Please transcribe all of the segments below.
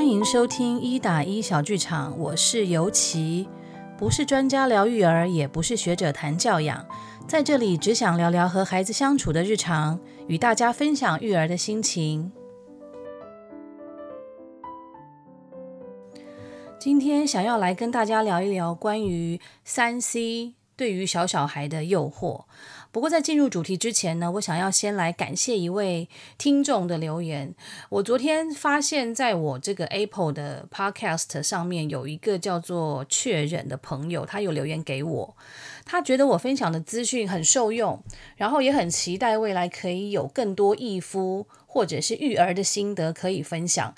歡迎收聽一打一小劇場，我是尤琪，不是專家聊育兒，也不是學者談教養，在這裡只想聊聊和孩子相處的日常，與大家分享育兒的心情。今天想要來跟大家聊一聊關於 3C 對於小小孩的誘惑。不過在進入主題之前呢，我想要先來感謝一位聽眾的留言。我昨天發現，在我這個 Apple 的 Podcast 上面有一個叫做“確認”的朋友，他有留言給我，他覺得我分享的資訊很受用，然後也很期待未來可以有更多育夫或者是育兒的心得可以分享。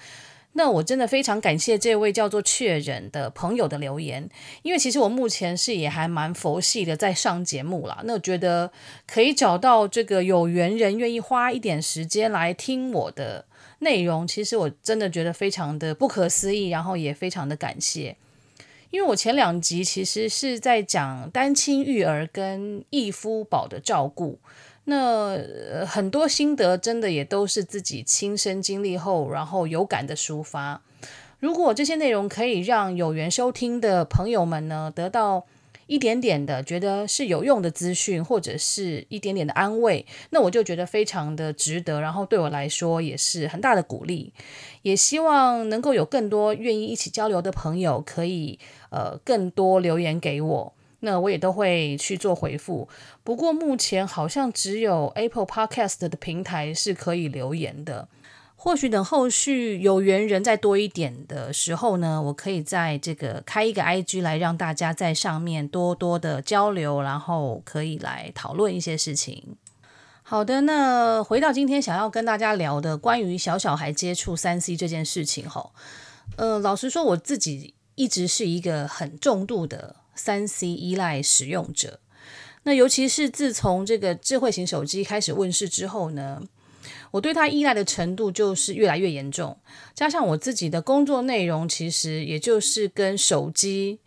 那我真的非常感謝這位叫做確認的朋友的留言，因為其實我目前是也還蠻佛系的在上節目啦。那我覺得可以找到這個有緣人願意花一點時間來聽我的內容，其實我真的覺得非常的不可思議，然後也非常的感謝。因為我前兩集其實是在講單親育兒跟異膚寶的照顧。那，呃，很多心得真的也都是自己親身經歷後，然後有感的抒發。如果這些內容可以讓有緣收聽的朋友們呢，得到一點點的覺得是有用的資訊，或者是一點點的安慰，那我就覺得非常的值得。然後對我來說也是很大的鼓勵。也希望能夠有更多願意一起交流的朋友，可以呃更多留言給我。那我也都會去做回復，不過目前好像只有 Apple Podcast 的平台是可以留言的。或許等後續有緣人再多一點的時候呢，我可以在這個開一個 IG 來讓大家在上面多多的交流，然後可以來討論一些事情。好的，那回到今天想要跟大家聊的關於小小孩接觸三 C 這件事情吼。呃，老實說我自己一直是一個很重度的。3C 依賴使用者，那尤其是自從這個智慧型手機開始問世之後呢，我對它依賴的程度就是越來越嚴重。加上我自己的工作內容其實也就是跟手機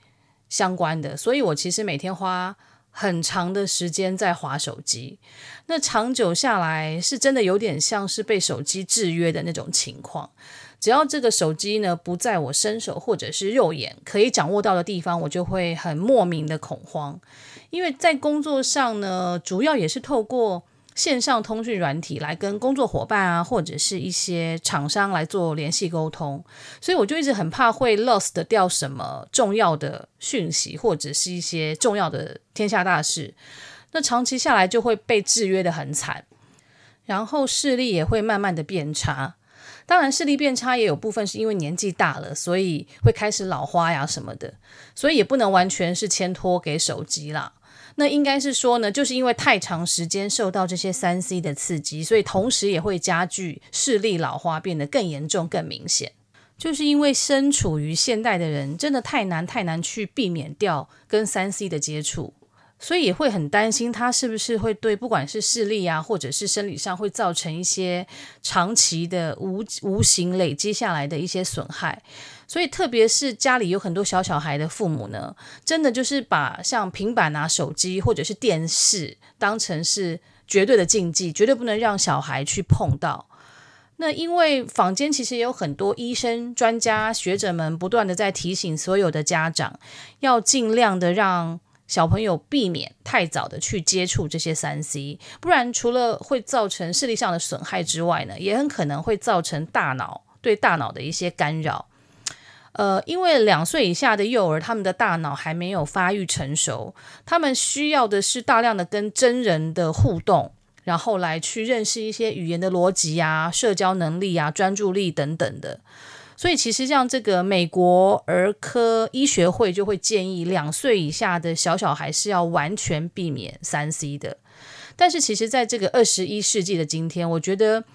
相關的，所以我其實每天花很長的時間在滑手機。那長久下來，是真的有點像是被手機制約的那種情況。只要這個手機呢，不在我伸手或者是肉眼可以掌握到的地方，我就會很莫名的恐慌。因為在工作上呢，主要也是透過線上通訊軟體來跟工作夥伴啊，或者是一些廠商來做聯繫溝通，所以我就一直很怕會 lost 掉什麼重要的訊息，或者是一些重要的天下大事。那長期下來就會被制約得很慘，然後視力也會慢慢的變差。當然，視力變差也有部分是因為年紀大了，所以會開始老花呀什麼的，所以也不能完全是牽拖給手機啦。那應該是說呢，就是因為太長時間受到這些三 C 的刺激，所以同時也會加劇視力老花變得更嚴重、更明顯。就是因為身處於現代的人，真的太難太難去避免掉跟三 C 的接觸。所以也會很擔心，他是不是會對不管是視力啊，或者是生理上，會造成一些長期的無無形累積下來的一些損害。所以，特別是家裡有很多小小孩的父母呢，真的就是把像平板啊、手機或者是電視，當成是絕對的禁忌，絕對不能讓小孩去碰到。那因為坊間其實也有很多醫生、專家、學者們不斷的在提醒所有的家長，要儘量的讓。小朋友避免太早的去接觸這些 3C，不然除了會造成視力上的損害之外呢，也很可能會造成大腦，對大腦的一些干擾。呃，因為兩歲以下的幼兒，他們的大腦還沒有發育成熟，他們需要的是大量的跟真人的互動，然後來去認識一些語言的邏輯啊、社交能力啊、專注力等等的。所以其實像這個美國兒科醫學會就會建議，兩歲以下的小小孩是要完全避免三 C 的。但是其實，在這個二十一世紀的今天，我覺得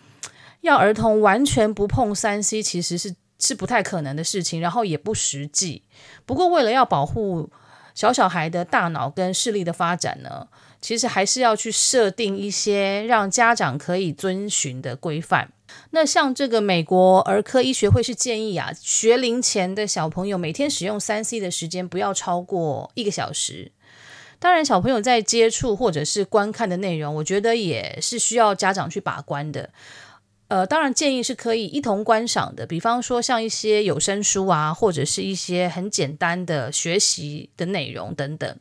要兒童完全不碰三 C，其實是是不太可能的事情，然後也不實際。不過為了要保護小小孩的大腦跟視力的發展呢，其實還是要去設定一些讓家長可以遵循的規範。那像這個美國兒科醫學會是建議啊，學齡前的小朋友每天使用 3C 的時間不要超過一個小時。當然，小朋友在接觸或者是觀看的內容，我覺得也是需要家長去把關的。呃，當然，建議是可以一同觀賞的，比方說像一些有聲書啊，或者是一些很簡單的學習的內容等等。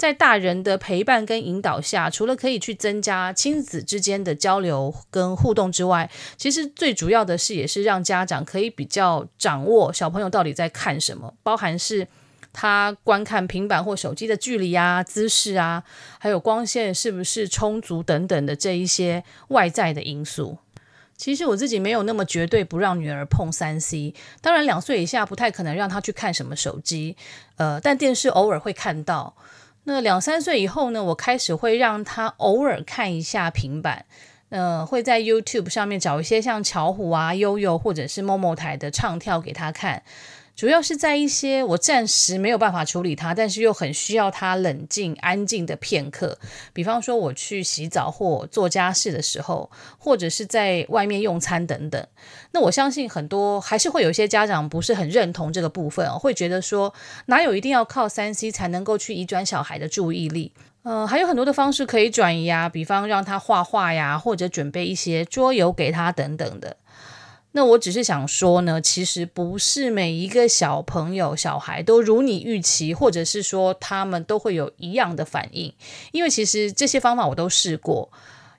在大人的陪伴跟引導下，除了可以去增加親子之間的交流跟互動之外，其實最主要的是也是讓家長可以比較掌握小朋友到底在看什麼，包含是他觀看平板或手機的距離啊、姿勢啊，還有光線是不是充足等等的這一些外在的因素。其實我自己沒有那麼絕對不讓女兒碰 3C，當然兩歲以下不太可能讓她去看什麼手機，呃，但電視偶爾會看到。那兩三歲以後呢，我開始會讓他偶爾看一下平板，呃，會在 YouTube 上面找一些像巧虎啊、悠悠或者是某某台的唱跳給他看。主要是在一些我暫時沒有辦法處理他，但是又很需要他冷靜、安靜的片刻。比方說，我去洗澡或做家事的時候，或者是在外面用餐等等。那我相信很多還是會有一些家長不是很認同這個部分哦，會覺得說哪有一定要靠 3C 才能夠去移轉小孩的注意力？嗯、呃，還有很多的方式可以轉移啊，比方讓他畫畫呀，或者準備一些桌遊給他等等的。那我只是想說呢，其實不是每一個小朋友、小孩都如你預期，或者是說他們都會有一樣的反應。因為其實這些方法我都試過，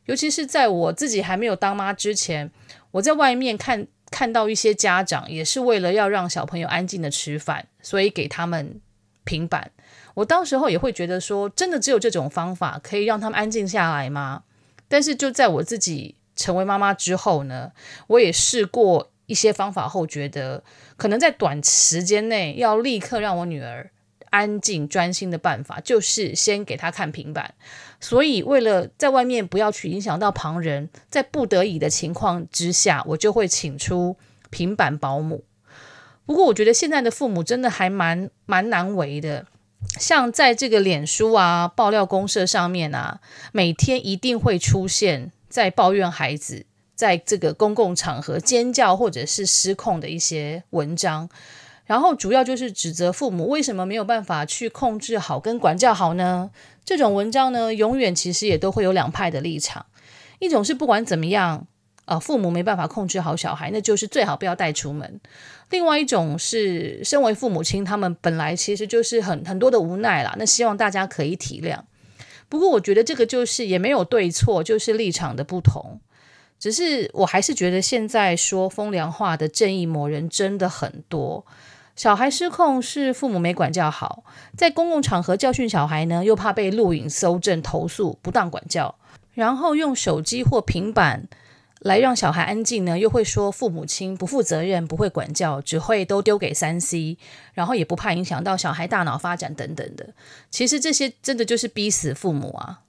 尤其是在我自己還沒有當媽之前，我在外面看看到一些家長也是為了要讓小朋友安靜的吃飯，所以給他們平板。我到時候也會覺得說，真的只有這種方法可以讓他們安靜下來嗎？但是就在我自己，成為媽媽之後呢，我也試過一些方法後，覺得可能在短時間內要立刻讓我女兒安靜專心的辦法，就是先給她看平板。所以為了在外面不要去影響到旁人，在不得已的情況之下，我就會請出平板保姆。不過我覺得現在的父母真的還蠻蠻難為的，像在這個臉書啊，爆料公社上面啊，每天一定會出現。在抱怨孩子在這個公共場合尖叫或者是失控的一些文章，然後主要就是指責父母為什麼沒有辦法去控制好跟管教好呢？這種文章呢，永遠其實也都會有兩派的立場，一種是不管怎麼樣，啊，父母沒辦法控制好小孩，那就是最好不要帶出門；另外一種是身為父母親，他們本來其實就是很很多的無奈啦，那希望大家可以體諒。不過我覺得這個就是也沒有對錯，就是立場的不同。只是我還是覺得現在說風涼話的正義魔人真的很多。小孩失控是父母沒管教好，在公共場合教訓小孩呢，又怕被錄影、搜證、投訴不當管教，然後用手機或平板。來讓小孩安靜呢，又會說父母親不負責任、不會管教，只會都丟給 3C，然後也不怕影響到小孩大腦發展等等的。其實這些真的就是逼死父母啊。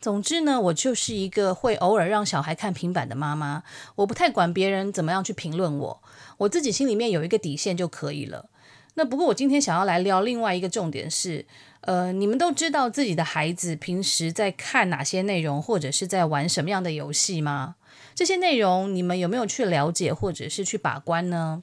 總之呢，我就是一個會偶爾讓小孩看平板的媽媽，我不太管別人怎麼樣去評論我，我自己心裡面有一個底線就可以了。那不過我今天想要來聊另外一個重點是，呃，你們都知道自己的孩子平時在看哪些內容，或者是在玩什麼樣的遊戲嗎？這些內容你們有沒有去了解，或者是去把關呢？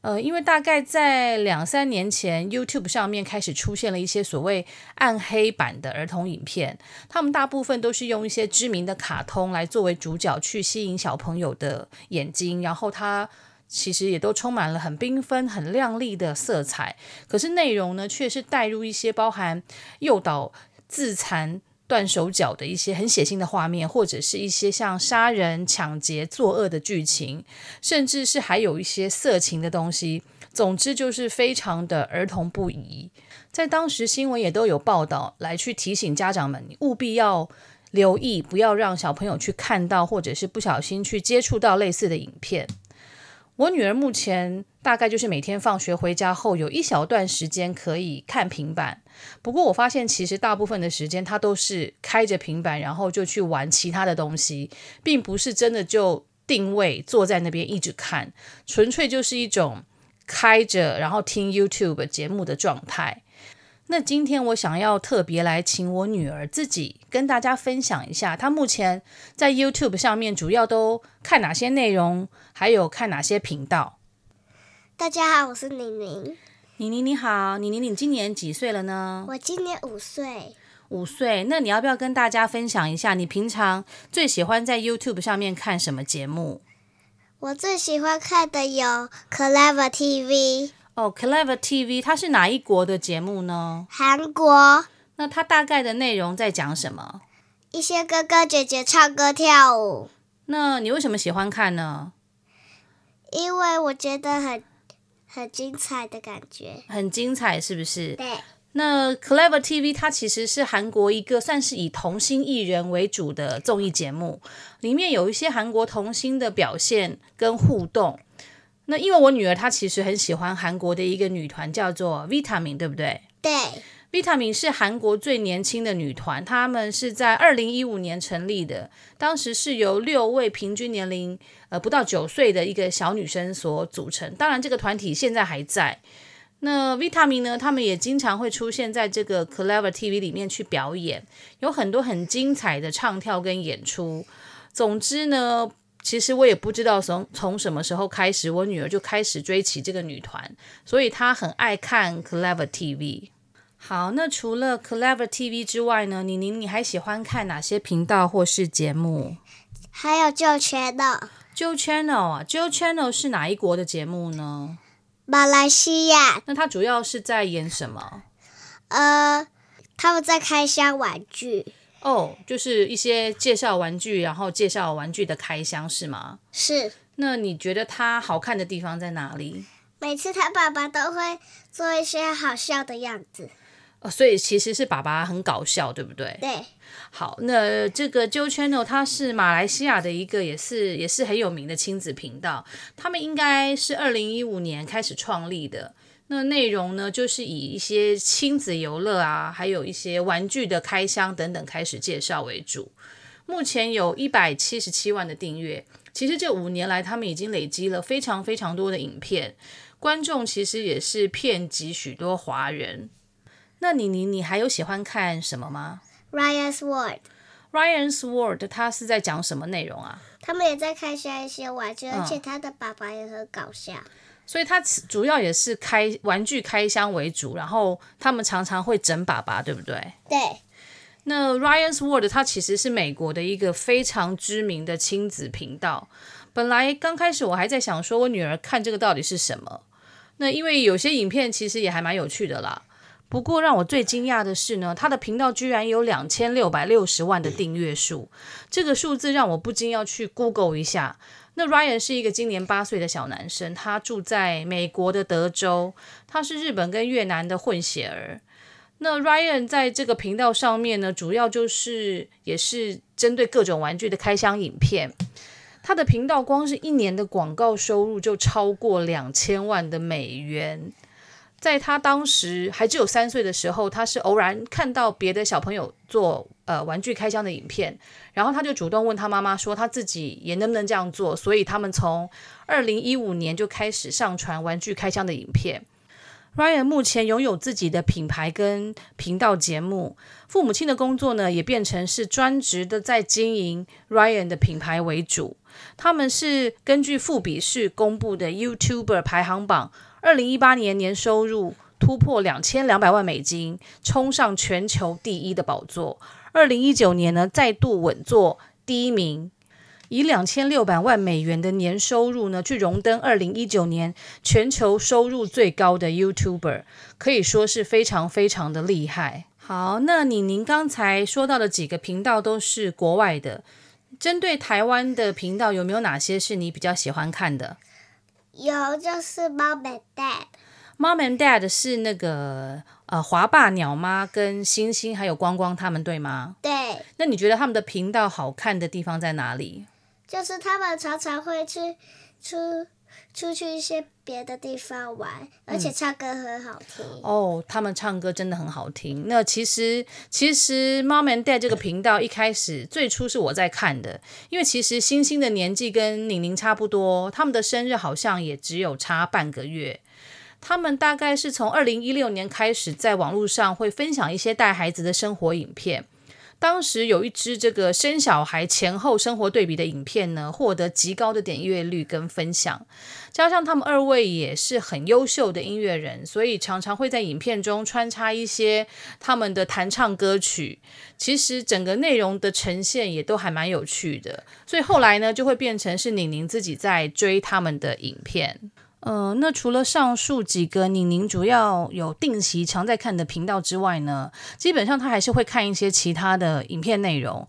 呃，因為大概在兩三年前，YouTube 上面開始出現了一些所謂暗黑版的兒童影片，他們大部分都是用一些知名的卡通來作為主角去吸引小朋友的眼睛，然後他。其實也都充滿了很繽紛、很亮麗的色彩，可是內容呢，卻是帶入一些包含誘導自殘、斷手腳的一些很血腥的畫面，或者是一些像殺人、搶劫、作惡的劇情，甚至是還有一些色情的東西。總之就是非常的兒童不宜。在當時新聞也都有報道來去提醒家長們，你務必要留意，不要讓小朋友去看到，或者是不小心去接觸到類似的影片。我女兒目前大概就是每天放學回家後有一小段時間可以看平板，不過我發現其實大部分的時間她都是開着平板，然後就去玩其他的東西，並不是真的就定位坐在那邊一直看，純粹就是一種開着然後聽 YouTube 節目的狀態。那今天我想要特別來請我女兒自己跟大家分享一下，她目前在 YouTube 上面主要都看哪些內容，還有看哪些頻道。大家好，我是甯甯。甯甯你好，甯甯，你今年幾歲了呢？我今年五歲。五歲，那你要不要跟大家分享一下，你平常最喜歡在 YouTube 上面看什麼節目？我最喜歡看的有 Clever TV。哦，Clever TV，它是哪一國的節目呢？韓國。那它大概的內容在講什麼？一些哥哥姐姐唱歌跳舞。那你為什麼喜歡看呢？因為我覺得很很精彩的感覺。很精彩是不是？對。那 Clever TV，它其實是韓國一個算是以童星藝人為主的綜藝節目，裡面有一些韓國童星的表現跟互動。那因為我女兒她其實很喜歡韓國的一個女團，叫做 Vitamin，對不對？對，Vitamin 是韓國最年輕的女團，她們是在二零一五年成立的，當時是由六位平均年齡呃不到九歲的一個小女生所組成。當然，這個團體現在還在。那 Vitamin 呢，他們也經常會出現在這個 Clever TV 裡面去表演，有很多很精彩的唱跳跟演出。總之呢。其實我也不知道從從什麼時候開始，我女兒就開始追起這個女團，所以她很愛看 Clever TV。好，那除了 Clever TV 之外呢，你你你還喜歡看哪些頻道或是節目？還有 Joe Channel。Joe Channel 啊，Joe Channel 是哪一國的節目呢？馬來西亞。那它主要是在演什麼？呃，他們在開箱玩具。哦，oh, 就是一些介紹玩具，然後介紹玩具的開箱是嗎？是。那你覺得它好看的地方在哪裡？每次他爸爸都會做一些好笑的樣子，oh, 所以其實是爸爸很搞笑，對不對？對。好，那這個 Joo Channel 它是馬來西亞的一個，也是也是很有名的親子頻道。他們應該是二零一五年開始創立的。那內容呢，就是以一些親子遊樂啊，還有一些玩具的開箱等等開始介紹為主。目前有一百七十七萬的訂閱，其實這五年來，他們已經累積了非常非常多的影片，觀眾其實也是遍及許多華人。那你你你還有喜歡看什麼嗎？Ryan's World，Ryan's World 他是在講什麼內容啊？他們也在開箱一,一些玩具，而且他的爸爸也很搞笑。嗯所以它主要也是開玩具開箱為主，然後他們常常會整粑粑，對不對？對。那 Ryan's World，它其實是美國的一個非常知名的親子頻道。本來剛開始我還在想說，我女兒看這個到底是什麼？那因為有些影片其實也還蠻有趣的啦。不過讓我最驚訝的是呢，他的頻道居然有兩千六百六十萬的訂閱數，這個數字讓我不禁要去 Google 一下。那 Ryan 是一個今年八歲的小男生，他住在美國的德州，他是日本跟越南的混血兒。那 Ryan 在這個頻道上面呢，主要就是也是針對各種玩具的開箱影片。他的頻道光是一年的廣告收入就超過兩千萬的美元。在他當時還只有三歲的時候，他是偶然看到別的小朋友做呃玩具開箱的影片，然後他就主動問他媽媽說他自己也能不能這樣做。所以他們從二零一五年就開始上傳玩具開箱的影片。Ryan 目前擁有自己的品牌跟頻道節目，父母親的工作呢也變成是專職的在經營 Ryan 的品牌為主。他們是根據富比士公布的 YouTuber 排行榜。二零一八年年收入突破兩千兩百萬美金，衝上全球第一的寶座。二零一九年呢，再度穩坐第一名，以兩千六百萬美元的年收入呢，去榮登二零一九年全球收入最高的 YouTuber，可以說是非常非常的厲害。好，那甯甯剛才說到的幾個頻道都是國外的，針對台灣的頻道有沒有哪些是你比較喜歡看的？有，就是《Mom and Dad》。《Mom and Dad》是那個呃，華爸、鳥媽、跟星星還有光光他們，對嗎？對。那你覺得他們的頻道好看的地方在哪裡？就是他們常常會去出出去一些別的地方玩，而且唱歌很好聽哦。嗯 oh, 他們唱歌真的很好聽。那其實，其實媽媽帶這個頻道一開始、嗯、最初是我在看的，因為其實星星的年紀跟寧寧差不多，他們的生日好像也只有差半個月。他們大概是從二零一六年開始在網絡上會分享一些帶孩子的生活影片。當時有一支這個生小孩前後生活對比的影片呢，獲得極高的點閱率跟分享。加上他們二位也是很優秀的音樂人，所以常常會在影片中穿插一些他們的彈唱歌曲。其實整個內容的呈現也都還蠻有趣的，所以後來呢，就會變成是甯甯自己在追他們的影片。嗯、呃，那除了上述幾個甯甯主要有定期常在看的頻道之外呢，基本上他還是會看一些其他的影片內容。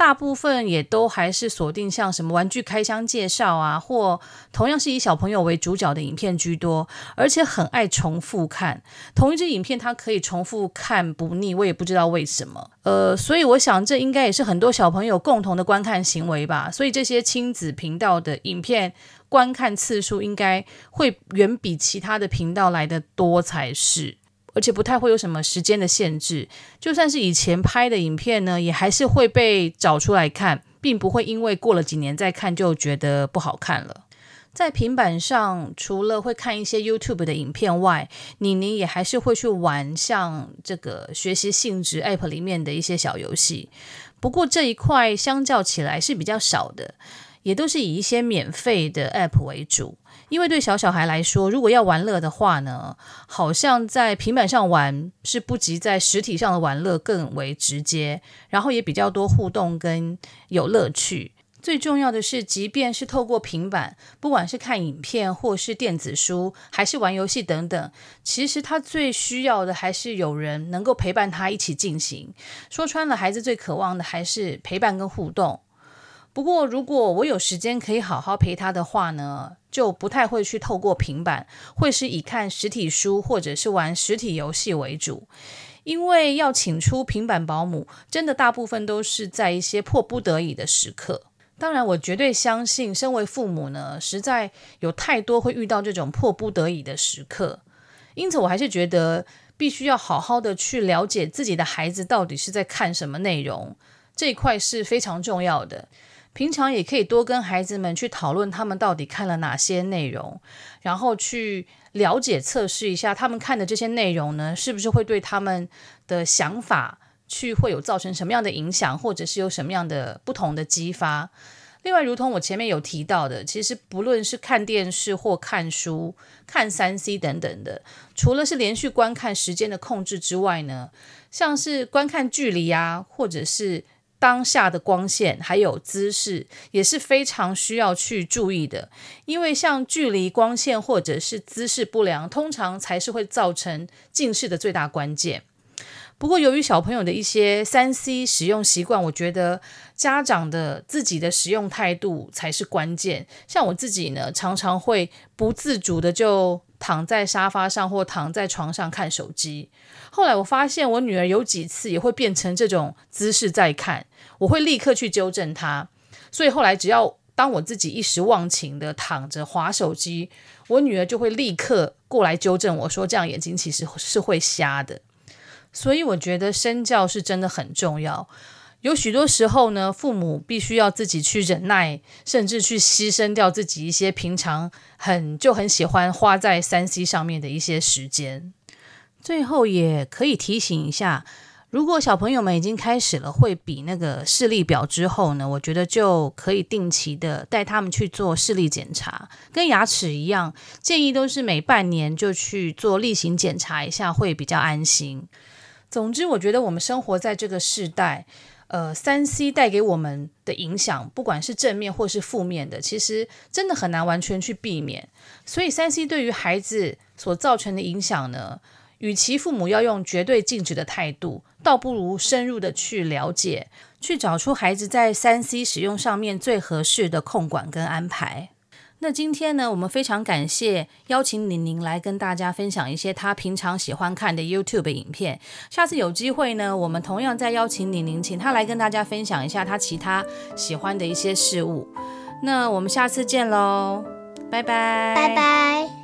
大部分也都還是鎖定像什麼玩具開箱介紹啊，或同樣是以小朋友為主角的影片居多，而且很愛重複看同一支影片，他可以重複看不膩。我也不知道為什麼，呃，所以我想這應該也是很多小朋友共同的觀看行為吧。所以這些親子頻道的影片觀看次數應該會遠比其他的頻道來得多才是。而且不太會有什麼時間的限制，就算是以前拍的影片呢，也還是會被找出來看，並不會因為過了幾年再看就覺得不好看了。在平板上，除了會看一些 YouTube 的影片外，甯甯也還是會去玩像這個學習性質 App 裡面的一些小遊戲，不過這一塊相較起來是比較少的。也都是以一些免費的 App 為主，因為對小小孩來說，如果要玩樂的話呢，好像在平板上玩是不及在實體上的玩樂更為直接，然後也比較多互動跟有樂趣。最重要的是，即便是透過平板，不管是看影片或是電子書，還是玩遊戲等等，其實他最需要的還是有人能夠陪伴他一起進行。說穿了，孩子最渴望的還是陪伴跟互動。不過，如果我有時間可以好好陪他的話呢，就不太會去透過平板，會是以看實體書或者是玩實體遊戲為主。因為要請出平板保姆，真的大部分都是在一些迫不得已的時刻。當然，我絕對相信，身為父母呢，實在有太多會遇到這種迫不得已的時刻。因此，我還是覺得必須要好好的去了解自己的孩子到底是在看什麼內容，這一塊是非常重要的。平常也可以多跟孩子們去討論他們到底看了哪些內容，然後去了解測試一下他們看的這些內容呢，是不是會對他們的想法去會有造成什麼樣的影響，或者是有什麼樣的不同的激發？另外，如同我前面有提到的，其實不論是看電視或看書、看 3C 等等的，除了是連續觀看時間的控制之外呢，像是觀看距離啊，或者是。當下的光線還有姿勢也是非常需要去注意的，因為像距離、光線或者是姿勢不良，通常才是會造成近視的最大關鍵。不過，由於小朋友的一些 3C 使用習慣，我覺得家長的自己的使用態度才是關鍵。像我自己呢，常常會不自主的就躺在沙發上或躺在床上看手機。後來我發現，我女兒有幾次也會變成這種姿勢在看。我會立刻去糾正他，所以後來只要當我自己一時忘情地躺着滑手機，我女兒就會立刻過來糾正我說，這樣眼睛其實是會瞎的。所以我覺得身教是真的很重要。有許多時候呢，父母必須要自己去忍耐，甚至去犧牲掉自己一些平常很就很喜歡花在 3C 上面的一些時間。最後也可以提醒一下。如果小朋友們已經開始了，會比那個視力表之後呢，我覺得就可以定期的帶他們去做視力檢查，跟牙齒一樣，建議都是每半年就去做例行檢查一下，會比較安心。總之，我覺得我們生活在這個時代，呃，3C 帶給我們的影響，不管是正面或是負面的，其實真的很難完全去避免。所以，3C 對於孩子所造成的影響呢，與其父母要用絕對禁止的態度，倒不如深入的去了解，去找出孩子在 3C 使用上面最合適的控管跟安排。那今天呢，我們非常感謝邀請甯甯來跟大家分享一些她平常喜歡看的 YouTube 影片。下次有機會呢，我們同樣再邀請甯甯，您請她來跟大家分享一下她其他喜歡的一些事物。那我們下次見嘍，拜拜，拜拜。